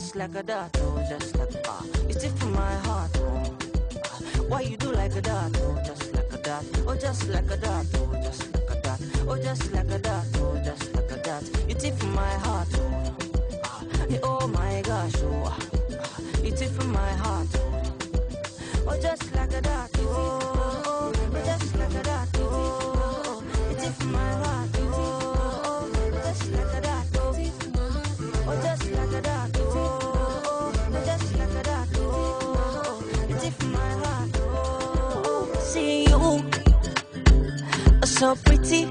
just like a dart, oh, just like a uh, You stick from my heart, oh. why you do like a dart, oh, just like a dart, oh, just like a dart, oh, just like a dart. oh, just like a dot. you so pretty.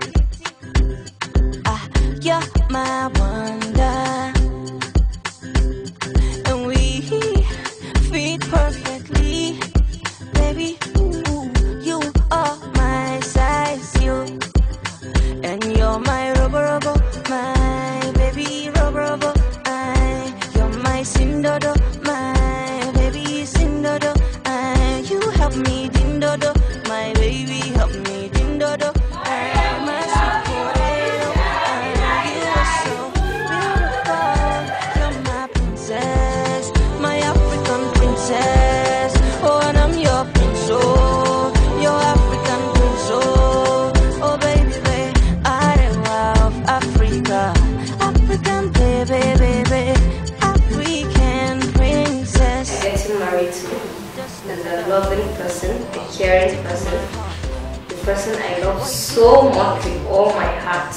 Ah, you're my wonder. loving person, a caring person, the person I love so much with all my heart,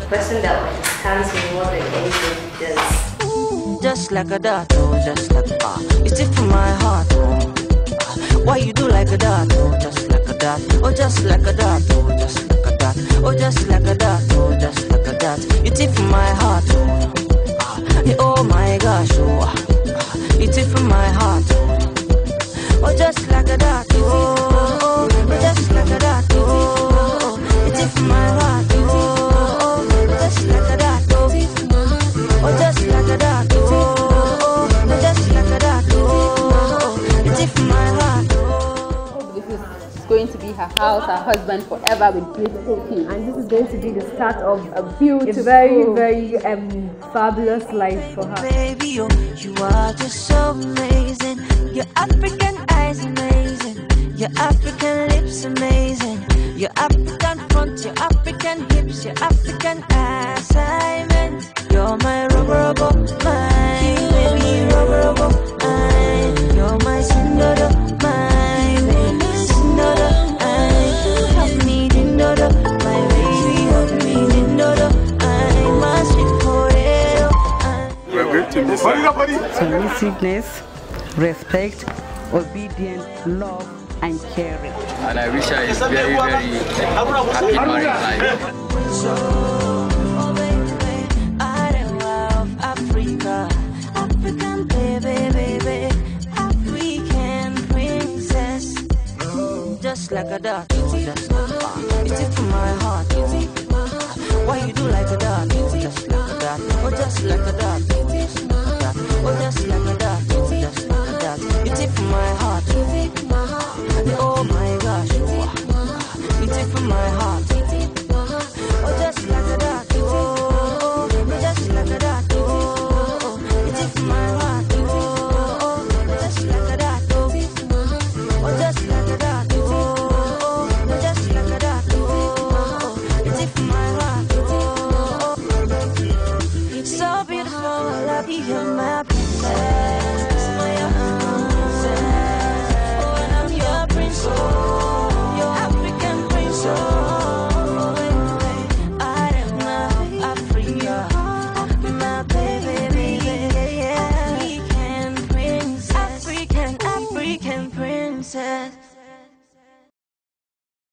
the person that understands me more than anything does. Just like a dot, oh, just like a bar. it's stick from my heart, oh. Why you do like a dot, oh, just like a dot, oh, just like a dot, oh, just like a dot, oh, just like a dot, oh, just like a dot. You tip my heart, oh, ah, oh my gosh, oh. going to be her house, her husband forever with beautiful kids. And this is going to be the start of a beautiful, it's very, very um, fabulous life for her. Baby, you, you are just so amazing. Your African eyes amazing. Your African lips amazing. Your African front, your African hips, your African ass. I'm submissiveness, respect, obedience, love, and caring. And I wish I is very, very happy married life. just like a dog. it from my heart. Why you do like a dog? Just like a dog. Oh, just like a dog.